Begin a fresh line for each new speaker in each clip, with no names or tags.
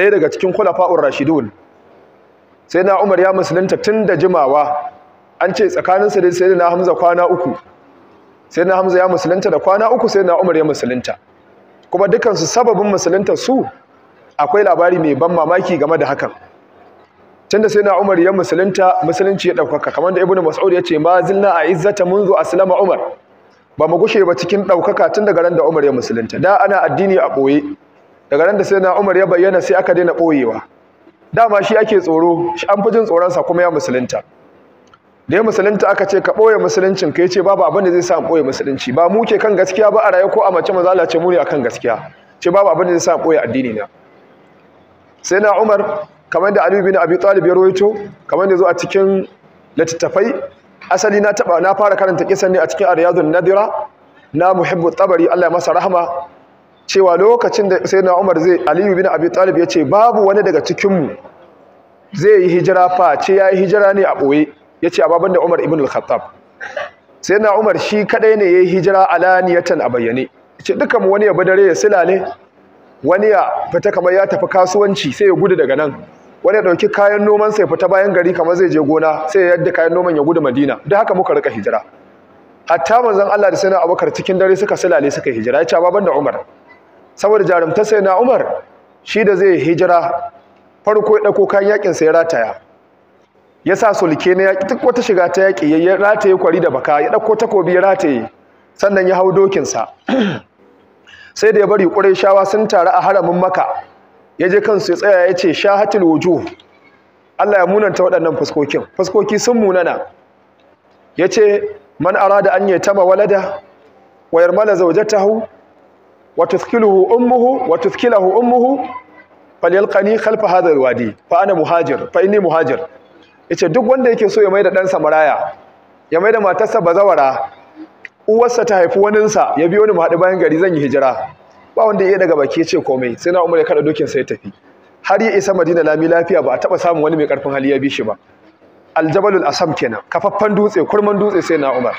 ɗaya daga cikin khulafa'ur rashidun sai na umar ya musulunta tun da jimawa an ce tsakaninsa dai sai na hamza kwana uku sai na hamza ya musulunta da kwana uku sai na umar ya musulunta kuma dukansu sababin musulunta su akwai labari mai ban mamaki game da hakan tun da sai na umar ya musulunta musulunci ya ɗaukaka kamar da ibnu mas'ud ya ce ma zilna a izzata a aslama umar ba mu gushe ba cikin ɗaukaka tun daga ran da umar ya musulunta da ana addini a ɓoye daga nan da sai na Umar ya bayyana sai aka daina boyewa dama shi ake tsoro shi an fi jin tsoron sa kuma ya musulunta da ya musulunta aka ce ka ɓoye musuluncin ka ce babu abin da zai sa in musulunci ba mu ke kan gaskiya ba a raye ko a mace maza Allah ce mu ne akan gaskiya ce babu abin da zai sa in addini na sai na Umar kamar da Ali na Abi Talib ya rawaito kamar da zo a cikin littattafai asali na taba na fara karanta kisan ne a cikin Riyadun Nadira na Muhibbu Tabari Allah ya masa rahama cewa lokacin da na Umar zai Aliyu bin Abi Talib ya ce babu wani daga cikinmu zai yi hijira fa ce ya yi hijira ne a ɓoye? ya ce ababen da Umar ibn al-Khattab na Umar shi kadai ne ya yi hijira alaniyatan a bayyane ce mu wani ya badare ya silale wani ya fita kamar ya tafi kasuwanci sai ya gudu daga nan wani ya ɗauki kayan noman sai fita bayan gari kamar zai je gona sai ya yadda kayan noman ya gudu Madina duk haka muka rika hijira hatta manzon Allah da na Abubakar cikin dare suka silale suka hijira ce ababen da Umar saboda jarumta sai na umar shi da zai hijira farko ya ɗauko kayan yakin sai rataya ya sa sulke na yaƙi duk wata shiga ta yaƙi ya rataye kwari da baka ya ɗauko takobi ya rataye sannan ya hau dokinsa sai da ya bari shawa sun taru a haramin maka ya je kansu ya tsaya ya ce sha hatin wuju Allah ya munanta waɗannan fuskokin fuskoki sun munana ya ce man arada an yatama walada zauje ta hau. wa tuskiluhu ummuhu wa tuskilahu ummuhu falyalqani khalfa hadha alwadi ana muhajir fa inni muhajir yace duk wanda yake so ya maida dan maraya ya maida matarsa bazawara uwarsa ta haifi waninsa ya biyo ni mu haɗu bayan gari zan yi hijira ba wanda ya daga baki ya ce komai sai na umar ya kada dokin sai tafi har ya isa madina lami lafiya ba a taɓa samun wani mai ƙarfin hali ya bi shi ba aljabalul asam kenan kafaffan dutse kurman dutse sai na umar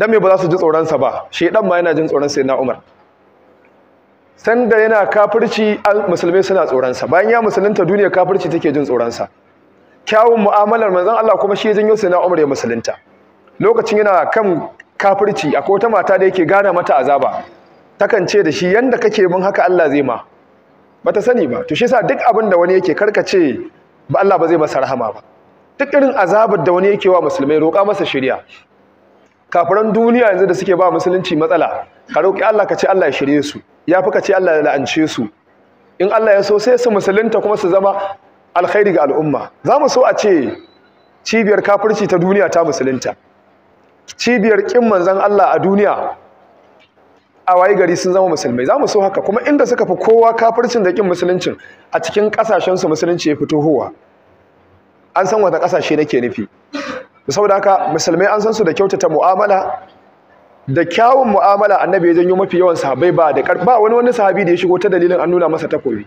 dan me ba za su ji tsoronsa ba shedan ma yana jin tsoron sayyidina Umar sanda yana kafirci musulmai suna tsoronsa bayan ya musulunta duniya kafirci take jin tsoronsa kyawun mu'amalar manzon Allah kuma shi ya janyo sayyidina Umar ya musulunta lokacin yana kan kafirci akwai wata mata da yake gana mata azaba takan ce da shi yanda kake mun haka Allah zai ma bata sani ba to shi yasa duk abin da wani yake karkace ba Allah ba zai masa rahama ba duk irin azabar da wani yake wa musulmai roƙa masa shirya kafiran duniya yanzu da suke ba musulunci matsala ka roƙi Allah ka ce Allah ya shirye su ya fi ka ce Allah ya la'ance su in Allah ya so sai su musulunta kuma su zama alkhairi ga al'umma za mu so a ce cibiyar kafirci ta duniya ta musulunta cibiyar ƙin manzan Allah a duniya a waye gari sun zama musulmai za mu so haka kuma inda suka fi kowa kafircin da ƙin musuluncin a cikin ƙasashensu musulunci ya fito huwa an san wata ƙasashe nake nufi sau saboda haka musulmai an san su da kyautata mu'amala da kyawun mu'amala annabi ya janyo mafi yawan sahabbai ba da ba wani wani sahabi da ya shigo ta dalilin an nuna masa takobi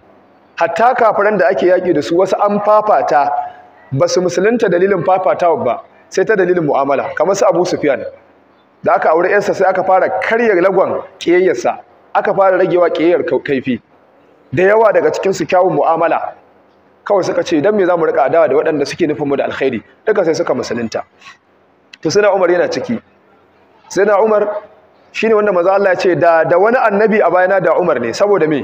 hatta kafiran da ake yaki da su wasu an fafata ba su musulunta dalilin fafatawa ba sai ta dalilin mu'amala kamar su Abu Sufyan da aka aure yarsa sai aka fara karyar lagon kiyayyarsa aka fara ragewa kiyayyar kaifi da yawa daga cikin su kyawun mu'amala kawai suka ce dan me zamu rika adawa da waɗanda suke nufin mu da alkhairi duka sai suka musulunta to sai Umar yana ciki sai na Umar shine wanda manzo Allah ya ce da da wani annabi a bayana da Umar ne saboda me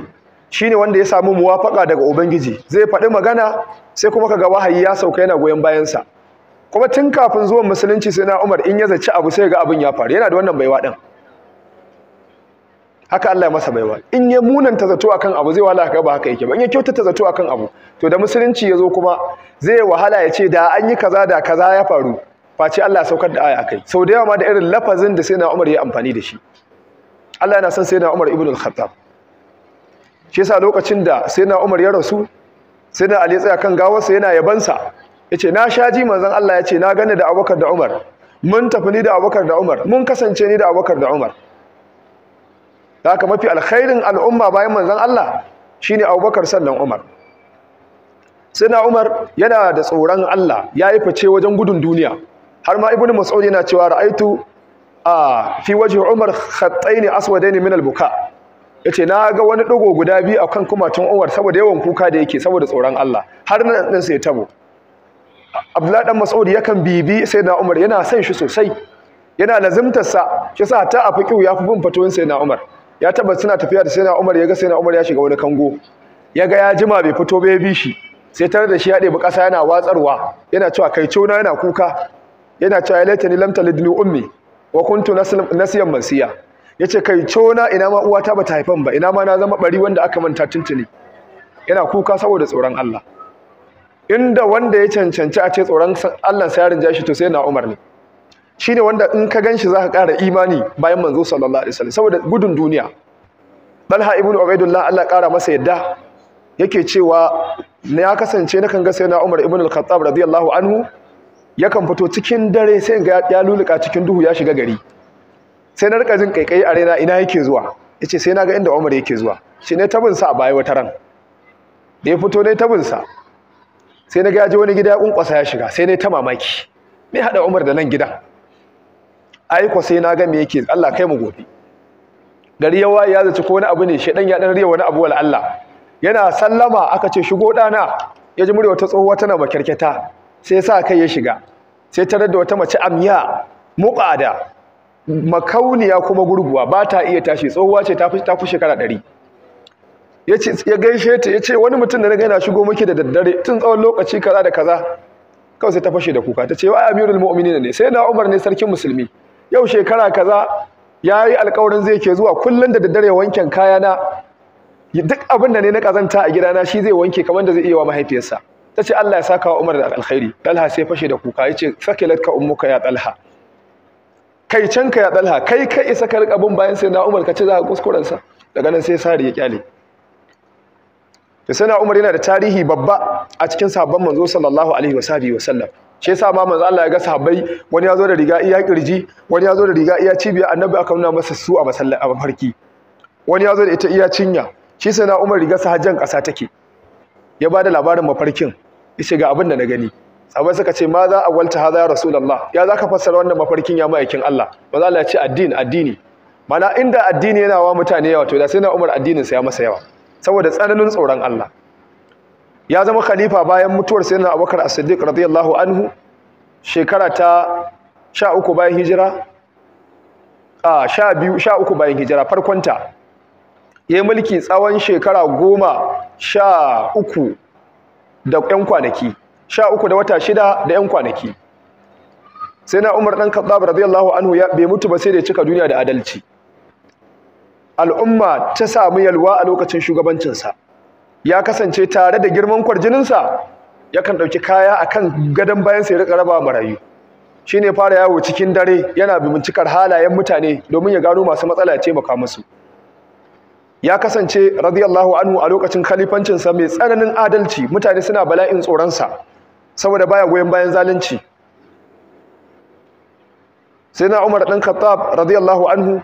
ne wanda ya samu muwafaka daga ubangiji zai faɗi magana sai kuma kaga wahayi ya sauka yana goyon bayan sa kuma tun kafin zuwan musulunci sai na Umar in ya zaci abu sai ga abin ya faru yana da wannan baiwa din haka Allah ya masa baiwa in ya munanta zato akan abu zai wahala ka ba haka yake ba in ya kyautata zato akan abu to da musulunci ya zo kuma zai wahala ya ce da an yi kaza da kaza ya faru face Allah ya saukar da aya akai sau da yawa ma da irin lafazin da sayyidina Umar ya amfani da shi Allah yana son sayyidina Umar ibn al-Khattab shi yasa lokacin da sayyidina Umar ya rasu sayyidina Ali tsaya kan gawar sa yana sa yace na shaji manzon Allah yace na gane da Abubakar da Umar mun tafi ni da Abubakar da Umar mun kasance ni da Abubakar da Umar da aka mafi alkhairin al'umma bayan manzon Allah Shi ne Abubakar sannan Umar na Umar yana da tsoron Allah ya yi fice wajen gudun duniya har ma ibnu mas'ud yana cewa ra'aitu a fi waje Umar ne khattaini ne min albuka. buka ce na ga wani digo guda biyu a kan kumatun Umar saboda yawan kuka da yake saboda tsoron Allah har nan sai tabo Abdullahi dan Mas'ud yakan bibi na Umar yana son shi sosai yana lazimtarsa shi sa ta a kiwu ya fi bin fatoyin na Umar ya taba suna tafiya da sayyidina Umar ya ga sayyidina Umar ya shiga wani kango ya ga ya jima bai fito bai bi shi sai tare da shi ya ɗebi ƙasa yana watsarwa yana cewa kai cewa yana kuka yana cewa ya ni lam talidni ummi wa kuntu nasiyan mansiya yace kai na, ina ma uwata bata haifan ba ina ma na zama bari wanda aka manta tuntuni yana kuka saboda tsoron Allah inda wanda ya cancanci a ce tsoron Allah sai ya rinja shi to sai na Umar ne shine wanda in ka ganshi zaka ƙara imani bayan manzo sallallahu alaihi wasallam saboda gudun duniya Talha ibn Ubaidullah Allah ƙara masa yadda yake cewa na ya kasance nakan kan ga sayyidina Umar ibn al-Khattab radiyallahu anhu yakan fito cikin dare sai ya luluka cikin duhu ya shiga gari sai na rika jin kaikai a raina ina yake zuwa yace sai na ga inda Umar yake zuwa shi ne tabin sa a baya wata ran da ya fito ne tabin sa sai na ga wani gida ya kunkwasa ya shiga sai ne ta mamaki me hada Umar da nan gidan aiko sai na ga me yake Allah kai mu gobe gari ya waye ya zaci ko wani abu ne shedan ya dan riya wani abu wal Allah yana sallama aka ce shigo dana ya ji murya wata tsohuwa tana makyarketa sai ya sa kai ya shiga sai ta da wata mace amya muqada makauniya kuma gurguwa ba ta iya tashi tsohuwa ce ta fi ta fi shekara 100 yace ya gaishe ta yace wani mutum da na ga yana shigo miki da daddare tun tsawon lokaci kaza da kaza kawai sai ta fashe da kuka ta ce wa amirul mu'minin ne sai na umar ne sarkin musulmi yau shekara kaza ya yi alkawarin zai ke zuwa kullum da daddare wanken kayana duk abin da ne na kazanta a gidana shi zai wanke kamar da zai iya wa mahaifiyarsa ta ce Allah ya saka wa Umar da alkhairi Talha sai fashe da kuka ya ce sakilat ka ummuka ya Talha kai can ka ya Talha kai ka isa ka rika bin bayan sai na Umar ka ce za ka kuskuren sa daga nan sai sari ya kyale to sai na Umar yana da tarihi babba a cikin sabon manzo sallallahu alaihi wa sallam shi yasa ma manzo Allah ya ga sahabbai wani ya zo da riga iya kirji wani ya zo da riga iya cibiya annabi aka nuna masa su a masallaci a mafarki wani ya zo da ita iya cinya shi sai na Umar riga sa hajjan kasa take ya ba da labarin mafarkin yace ga abin da na gani sahabbai suka ce ma za a walta hadha ya rasulullah ya zaka fassara wannan mafarkin ya ma'aikin Allah manzo Allah ya ce addini addini mana inda addini yana wa mutane yawa to da sai na Umar addinin sa ya masa yawa saboda tsananin tsoron Allah ya zama khalifa bayan mutuwar sayyidina abubakar as-siddiq radiyallahu anhu shekara ta 13 bayan hijira a 12 13 bayan hijira farkon ta yayin mulki tsawon shekara 13 da ƴan kwanaki 13 da wata 6 da ƴan kwanaki sayyidina umar dan khattab radiyallahu anhu ya bai mutu ba sai da cika duniya da adalci al'umma ta samu yalwa a lokacin shugabancinsa ya kasance tare da girman kwarjininsa yakan ɗauki kaya a kan gadon bayansa ya riƙa raba marayu shi ne fara yawo cikin dare yana bincikar halayen mutane domin ya gano masu matsala ya taimaka musu ya kasance radiyallahu anhu a lokacin khalifancinsa mai tsananin adalci mutane suna bala'in tsoronsa saboda baya goyon bayan zalunci sai na umar ɗan khattab radiyallahu anhu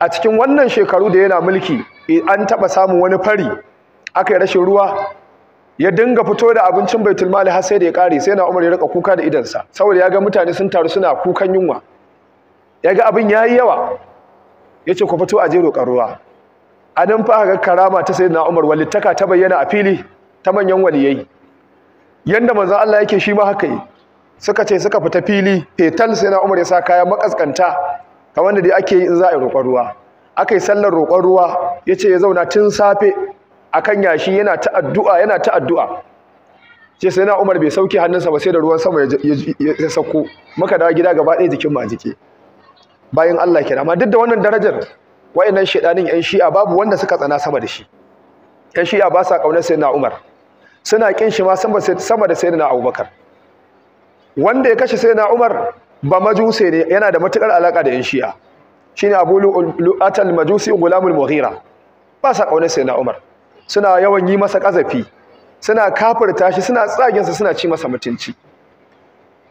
a cikin wannan shekaru da yana mulki an taɓa samun wani fari aka yi rashin ruwa ya dinga fito da abincin baitul mali har sai da ya kare sai na Umar ya rika kuka da idansa saboda ya ga mutane sun taru suna kukan yunwa ya ga abin ya yi yawa Ya ce ku fito a je roƙar ruwa a nan fa ga karama ta sai na Umar walittaka ta bayyana a fili ta manyan waliyai yanda manzon Allah yake shi ma haka yi suka ce suka fita fili fetal sai na Umar ya sa kaya makaskanta kamar da dai ake yi in za a yi roƙon ruwa aka yi sallar roƙon ruwa Ya ce ya zauna tun safe akan yashi yana ta addu'a yana ta addu'a ce sai na Umar bai sauke hannunsa ba sai da ruwan sama ya sauko muka dawo gida gaba ɗaya jikin mu a jike bayan Allah kira amma duk da wannan darajar wayannan shedanin yan shi'a babu wanda suka tsana sama da shi yan shi'a ba sa kaunar sai na Umar suna kin shi ma sama da sai Abubakar wanda ya kashe sai na Umar ba majuse ne yana da matukar alaka da yan shi'a shine Abu Lu'atal Majusi Gulamul Mughira ba sa kaunar sai na Umar suna yawan yi masa ƙazafi suna kafirta shi suna tsaginsa suna ci masa mutunci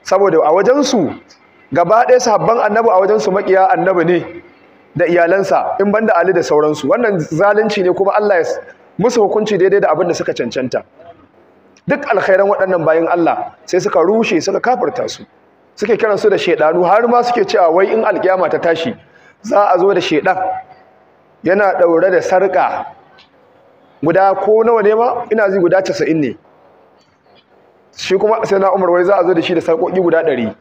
saboda a wajensu gaba ɗaya sahabban annabi a wajensu maƙiya annabi ne da iyalansa in banda ali da sauransu wannan zalunci ne kuma Allah ya musu hukunci daidai da abin da suka cancanta duk alkhairan waɗannan bayan Allah sai suka rushe suka kafirta su suke kiran su da shedanu har ma suke cewa wai in alkiyama ta tashi za a zo da shedan yana ɗaure da sarƙa. guda ko nawa ne ma ina zai guda 90 ne shi kuma sai na umar wai za a zo da shi da sarƙoƙi guda 100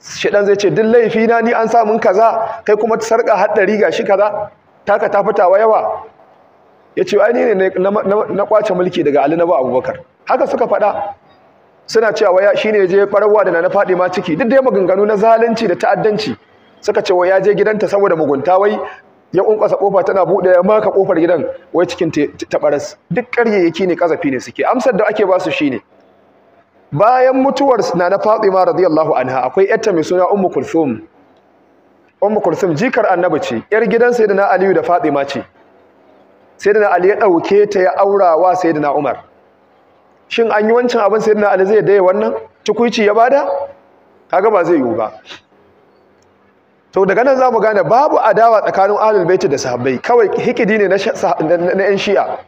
shedan zai ce duk laifi na ni an samun kaza kai kuma sarka har 100 gashi kaza taka ta wa yawa yace ai ni ne na kwace mulki daga Ali na ba Abubakar haka suka faɗa suna cewa waya shine je farawa da na fadi ma ciki duk dai maganganu na zalunci da ta'addanci suka ce ya je gidanta saboda mugunta wai ya kunkwasa kofa tana buɗe ya maka kofar gidan wai cikin tabaras duk ƙaryayyaki ne kazafi ne suke amsar da ake basu shine bayan mutuwar nana Fatima radiyallahu anha akwai yarta mai suna Ummu Kulthum Ummu Kulthum jikar Annabi ce yar gidan Sayyidina Aliyu da Fatima ce Sayyidina Ali ya ɗauke ta ya aura wa Sayyidina Umar shin an yi wancan abin Sayyidina Ali zai daya wannan tukuici ya bada kaga ba zai yiwu ba to daga nan zamu gane babu adawa tsakanin ahlul baiti da sahabbai kawai hikidi ne na yan shi'a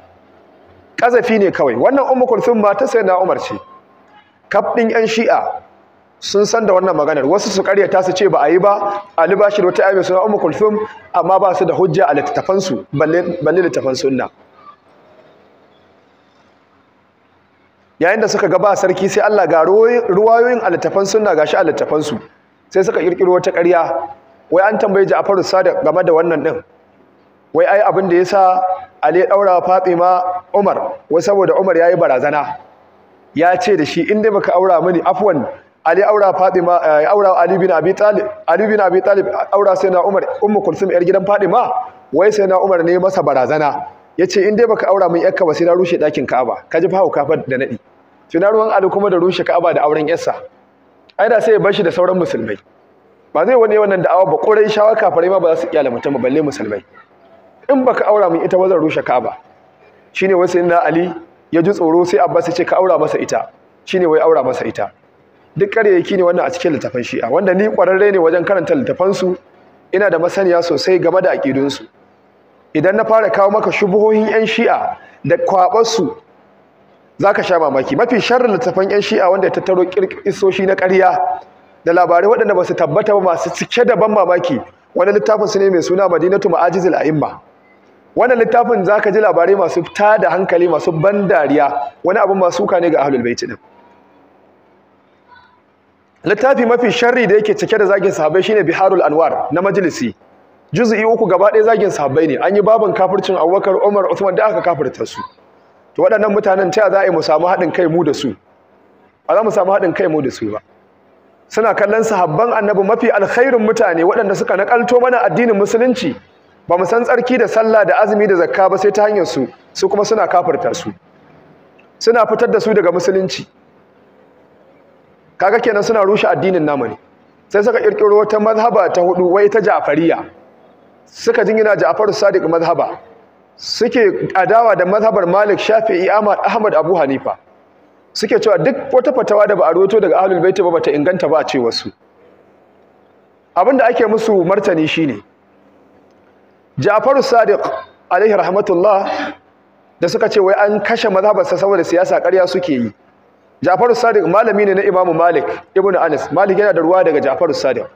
kazafi ne kawai wannan ummu kulthum ma ta sayyidina umar ce kaf din yan shi'a sun san da wannan maganar wasu su karyata su ce ba a yi ba ali bashir wata ayi suna ummu kulthum amma ba su da hujja a littafan su balle balle littafan yayin da suka ga ba sarki sai Allah ga ruwayoyin a littafan sunna gashi a littafan su sai suka kirkiro wata ƙarya wai an tambaye Ja'far Sadiq game da wannan din wai ai abin da yasa Ali ya daura Fatima Umar wai saboda Umar yayi barazana ya ce da shi in dai baka aura mini afwan Ali aura Fatima eh, aura Ali bin Abi Talib Ali bin Abi Talib aura sai na Umar Ummu Kulsum yar gidan Fatima wai sai na Umar ne masa barazana yace in dai baka aura min yakka ba sai na rushe dakin Ka'aba kaji fa hauka fa da nadi tunaruwan Ali kuma da rushe Ka'aba da auren yarsa ai da sai ya bar shi da sauran musulmai ba zai wani wannan da'awa ba Ƙorai, shawar, kafarai ma ba za su ƙyala mutum balle musulmai in ba ka aura min ita ba zan rushe Ka'aba shine wai sayyidina Ali ya ji tsoro sai Abbas ya ce ka aura masa ita shine wai aura masa ita duk ƙaryayyaki ne wannan a cikin littafan Shi'a wanda ni ƙwararre ne wajen karanta littafansu ina da masaniya sosai game da aƙidunsu. idan na fara kawo maka shubuhohin yan Shi'a da kwaɓarsu, za ka sha mamaki mafi sharrin littafan yan Shi'a wanda ya tattaro kirkisoshi na ƙarya da labarai waɗanda ba su tabbata ba masu cike da ban mamaki wani littafin su ne mai suna madinatu ma'ajizil a'imma wannan littafin za ka ji labarai masu da hankali masu ban dariya wani abin masu ka ne ga ahlul baiti din littafi mafi sharri da yake cike da zagin sahabbai shine biharul anwar na majalisi juz'i uku gaba ɗaya zagin sahabbai ne an yi babin kafircin abubakar umar usman da aka kafirta su to waɗannan mutanen ta za a yi mu samu haɗin kai mu da su ba za mu samu haɗin kai mu da su ba suna kallon sahabban annabi mafi alkhairin mutane waɗanda suka nakalto mana addinin musulunci ba mu san tsarki da sallah da azumi da zakka ba sai ta hanyar su su kuma suna kafirta su suna fitar da su daga musulunci kaga kenan suna rushe addinin namu ne sai suka kirkiro wata mazhaba ta hudu wai ta Ja'fariya suka jingina jafaru Sadiq mazhaba suke adawa da mazhabar Malik Shafi'i Ahmad Abu Hanifa suke cewa duk wata fatawa da ba a roto daga ahlul baiti ba bata inganta ba a ce wasu da ake musu martani shine Jafaru Sadiq alaihi rahmatullah da suka ce wai an kashe mazhabarsa saboda siyasa karya suke yi Jafaru Sadiq malami ne na Imamu Malik ibn Anas Malik yana da ruwa daga Ja'far Sadiq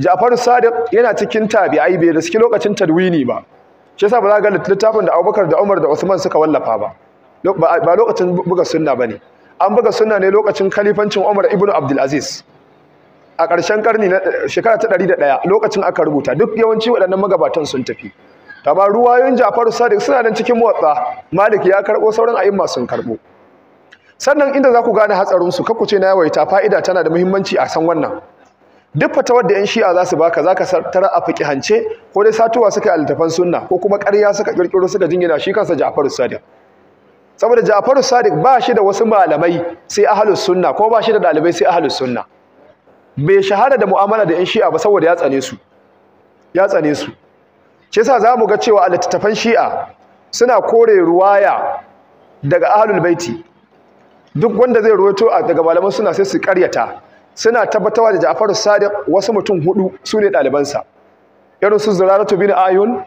Jafaru Sadiq yana cikin tabi'ai bai da suke lokacin tadwini ba shi yasa ba za ga littafin da Abubakar da Umar da Usman suka wallafa ba ba lokacin buga sunna ne. an buga sunna ne lokacin khalifancin Umar ibn Abdul Aziz a ƙarshen karni na shekara ta ɗari da 101 lokacin aka rubuta duk yawanci waɗannan magabatan sun tafi amma ruwayoyin Ja'faru Sadiq suna nan cikin motsa Malik ya karɓo sauran a'imma sun karbo sannan inda za ku gane hatsarin su kakku ce na yawaita fa'ida tana da muhimmanci a san wannan duk fatawar wadda yan shi'a za su baka zaka tara a hance ko dai satuwa suka yi altafan sunna ko kuma ƙarya suka kirkiro suka jingina shi kansa Ja'far Sadiq saboda Jafaru Sadiq ba shi da wasu malamai sai ahlus sunna ko ba shi da dalibai sai ahlus sunna bai shahada da mu'amala da yan shi'a ba saboda ya tsane su ya tsane su shi yasa zamu ga cewa alittafan shi'a suna kore ruwaya daga ahlul baiti duk wanda zai ruwato daga malaman suna sai su karyata suna tabbatawa da jafaru Sadiq wasu mutum hudu su ne ɗalibansa irin su Zuraratu bin Ayun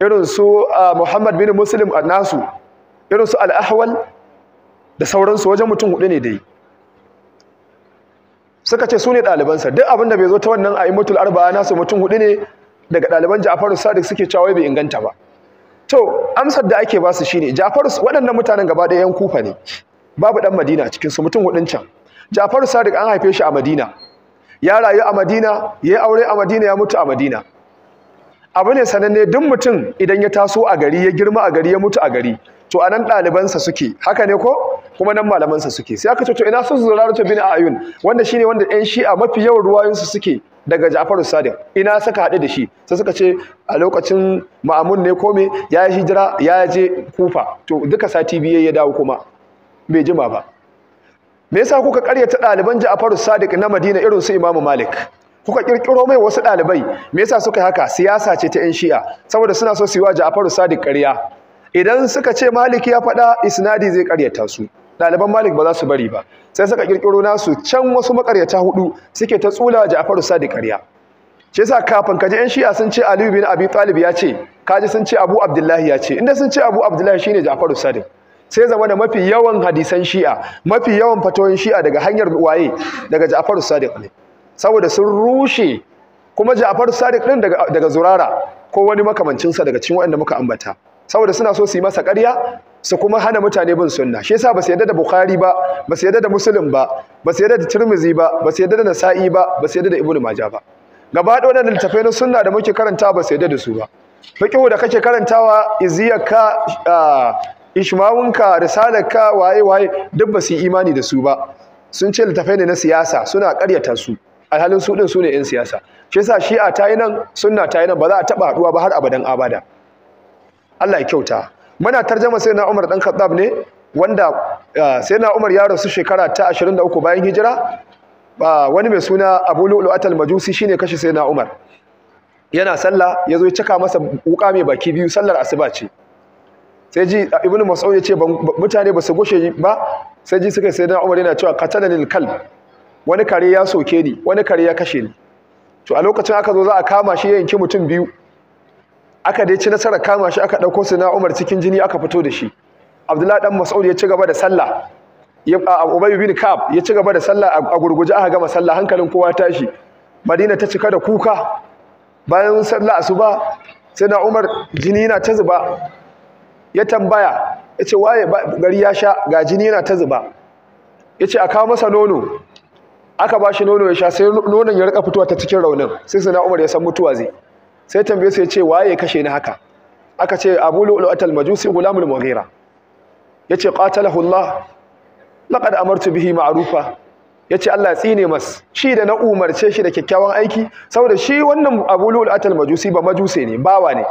irin su ah, Muhammad bin Muslim nasu irin su al'ahwal da sauransu wajen mutum hudu ne dai suka ce su ne ɗalibansa duk abin da bai zo ta wannan a arba na nasu mutum hudu ne daga ɗaliban Ja'faru sadik suke cewa bai inganta ba to amsar da ake basu shi ne. Jafarus waɗannan mutanen gaba ɗaya yan kufa ne babu ɗan Madina cikinsu, su mutum hudun can Jafarus sadik an haife shi a Madina ya rayu a Madina ya yi aure a Madina ya mutu a Madina abu ne sananne duk mutum idan ya taso a gari ya girma a gari ya mutu a gari to anan ɗalibansa suke haka ne ko kuma nan malamansa suke sai aka ce to ina su to bin ayun wanda shine wanda ɗan shi'a mafi yawan su suke daga Ja'faru Sadiq ina suka haɗu da shi sai suka ce a lokacin Ma'amun ne ko me ya yi hijira ya je Kufa to duka sati biye ya dawo kuma bai jima ba me yasa kuka karyata ɗaliban Ja'faru Sadiq na Madina irin su Imam Malik kuka kirkiro mai wasu ɗalibai me yasa suka haka siyasa ce ta 'yan shi'a saboda suna so su yi wa Ja'faru Sadiq ƙarya idan suka ce malik ya faɗa isnadi zai karyata su ɗaliban malik ba za su bari ba sai suka kirkiro nasu can wasu makaryata hudu suke ta tsula ja'faru sadiq ƙarya shi sa kafin kaje yan shi'a sun ce aliyu bin abi talib ya ce kaji sun ce abu abdullahi ya ce inda sun ce abu abdullahi shine ja'faru sadiq sai zama da mafi yawan hadisan shi'a mafi yawan fatoyin shi'a daga hanyar waye daga ja'faru sadiq ne saboda sun rushe kuma ja'faru sadiq din daga daga zurara ko wani makamancinsa daga cikin waɗanda muka ambata saboda suna so su yi masa ƙarya su kuma hana mutane bin sunna shi yasa ba su yadda da bukhari ba ba su yadda da muslim ba ba su yadda da tirmizi ba ba su yadda da nasa'i ba ba su yadda da ibnu majah ba gaba da wannan littafai na sunna da muke karanta ba su yadda da su ba fiqhu da kake karantawa iziyaka ishmawunka risalaka waye waye duk ba su imani da su ba sun ce littafai ne na siyasa suna ƙaryata su alhalin su din su ne 'yan siyasa shi yasa shi'a ta yi nan sunna ta yi nan ba za a taɓa haɗuwa ba har abadan abada Allah ya kyauta muna tarjama sai na Umar dan Khattab ne wanda eh, sai na Umar ya rasu shekara ta 23 bayan hijira wani mai suna Abu Lu'lu'at al-Majusi shine kashe sai na Umar yana sallah yazo ya cika masa wuka mai baki biyu sallar asuba ce sai ji Ibn Mas'ud ya ce mutane ba su gushe ba sai ji suka sai na Umar yana cewa qatalani kalb wani kare ya soke ni wani kare ya kashe ni to a lokacin aka zo za a kama shi ya ki mutum biyu aka dai ci nasarar kama shi aka ɗauko su na umar cikin jini aka fito da shi abdullahi dan mas'ud ya ci gaba da sallah ubayy bin kab ya ci gaba da sallah a gurguje aka gama sallah hankalin kowa tashi madina ta cika da kuka bayan sallah asuba sai na umar jini yana ta zuba ya tambaya ya ce waye gari ya sha ga jini yana ta zuba ya ce a kawo masa nono aka ba shi nono ya sha sai nonon ya rika fitowa ta cikin raunin sai sai na umar ya san mutuwa zai sai tambaye su ya ce waye kashe ni haka aka ce abu lu'lu'atal majusi gulamul mughira yace qatalahu Allah laqad amartu bihi ma'rufa yace Allah tsine mas shi da na umarce shi da kyakkyawan aiki saboda shi wannan abu lu'lu'atal majusi ba majuse ne bawa ne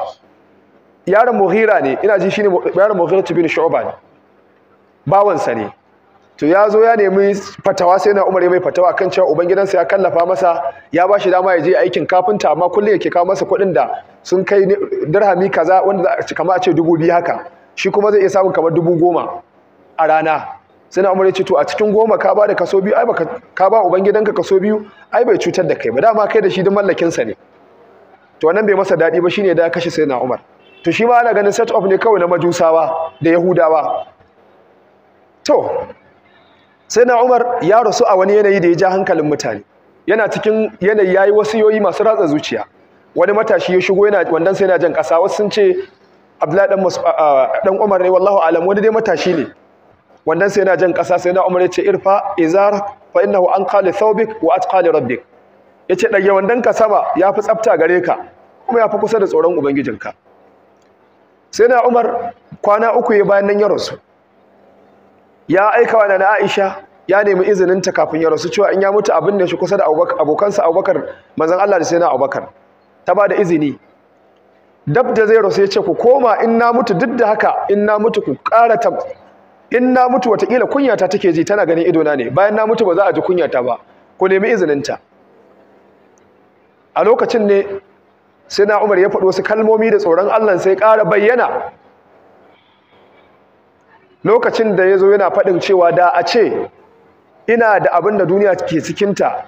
yaron mughira ne ina ji shine yaron mughira bin shu'ba ne bawansa ne to ya zo ya nemi fatawa sai na Umar ya mai fatawa kan cewa ubangidansa ya kallafa masa ya bashi dama ya je aikin kafinta amma kullum ke kawo masa kuɗin da sun kai dirhami kaza wanda kama a ce dubu biyu haka shi kuma zai iya samun kamar dubu goma a rana sai na Umar ya ce to a cikin goma ka ba da kaso biyu ai baka ka ba ubangidanka kaso biyu ai bai cutar da kai ba dama kai da shi duk mallakinsa ne to wannan bai masa daɗi ba shine da ya kashe sai na Umar to shi ma ana ganin set up ne kawai na majusawa da yahudawa to sai na umar ya rasu a wani yanayi da ya ja hankalin mutane yana cikin yanayi ya yi wasiyoyi masu ratsa zuciya wani matashi ya shigo yana wandan sai yana jan ƙasa wasu sun ce abdullahi dan umar ne wallahu alam wani dai matashi ne wandan sai yana jan ƙasa sai na umar ya ce irfa izar fa innahu an qali thawbik wa atqali rabbik yace dage wandan ka sama yafi tsafta gare ka kuma fi kusa da tsoron ubangijinka sai na umar kwana uku ya bayan nan ya rasu ya aika wa Nana Aisha ya nemi izininta kafin ya rasu cewa in ya mutu abin ne shi kusa da abokansa Abubakar manzon Allah da sayyidina Abubakar ta ba da izini dab da zai rasu ya ce ku koma in na mutu duk da haka in na mutu ku ƙara ta in na mutu watakila kunyata take ji tana ganin idona ne bayan na mutu ba za a ji kunyata ba ku nemi izininta a lokacin ne sai na umar ya faɗo su kalmomi da tsoron allah sai ƙara bayyana lokacin da ya zo yana faɗin cewa da a ce ina da abin da duniya ke cikinta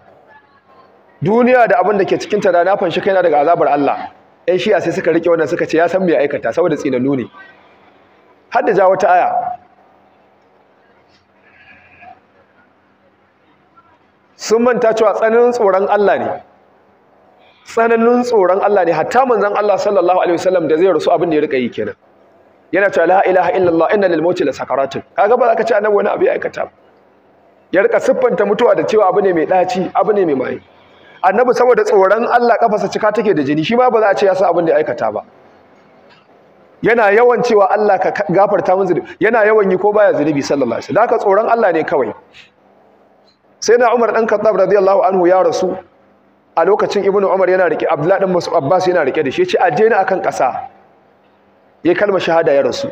duniya da abin da ke cikinta da na fanshi kaina daga azabar Allah ɗan shiya sai suka riƙe wannan suka ce ya san me aikata saboda tsinannu ne har da ja wata aya sun manta cewa tsananin tsoron Allah ne tsananin tsoron Allah ne hatta manzon Allah sallallahu alaihi wasallam da zai rasu abin da ya rika yi kenan yana cewa la ilaha illallah inna lil mauti lasakaratun kaga ba za ka ce annabi wani abu ya aikata ya rika siffanta mutuwa da cewa abu ne mai daci abu ne mai mai annabi saboda tsoron Allah kafasa cika take da jini shi ma ba za a ce ya sa abin da ya aikata ba yana yawan cewa Allah ka gafarta min zunubi yana yawan yi ko baya zunubi sallallahu alaihi wasallam haka tsoron Allah ne kawai sai na Umar dan Khattab radiyallahu anhu ya rasu a lokacin Ibnu Umar yana rike Abdullah dan Abbas yana rike da shi ya ce aje ni akan kasa ya kalma shahada ya rasu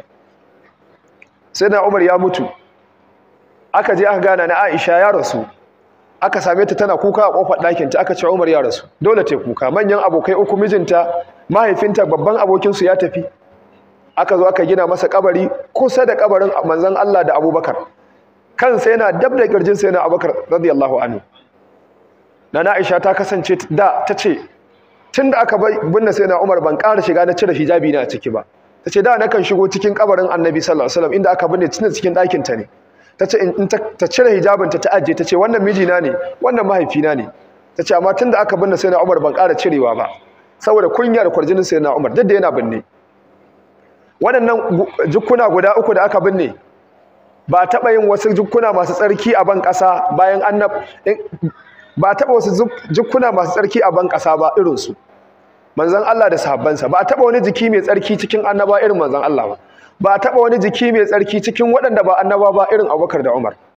sai na umar ya mutu aka je aka gana na aisha ya rasu aka same ta tana kuka a kofar ɗakinta aka ce umar ya rasu dole te kuka manyan abokai uku mijinta mahaifinta babban abokinsu ya tafi aka zo aka gina masa kabari kusa da kabarin manzan Allah da abubakar kansa yana dab da kirjin sai na abubakar radiyallahu anhu na aisha ta kasance da ta ce tunda aka binne sai na umar ban ƙara shiga na cire hijabi na a ciki ba ta ce da na kan shigo cikin kabarin annabi sallallahu alaihi wasallam inda aka binne cikin cikin ɗakin ta ne ta ce in ta cire hijabin ta ta ajiye ta ce wannan mijina ne wannan mahaifina ne ta ce amma tunda aka binne sayyidina Umar ban ƙara cirewa ba saboda kunya da kwarjinin sayyidina Umar duk da yana binne waɗannan jukkuna guda uku da aka binne ba taɓa yin wasu jukkuna masu tsarki a ban ƙasa bayan annab ba taɓa wasu jukkuna masu tsarki a ban ƙasa ba irinsu manzon Allah da sahabbansa ba a taba wani jiki mai tsarki cikin annaba irin manzon Allah ba ba a taba wani jiki mai tsarki cikin waɗanda ba annaba ba irin Abubakar da Umar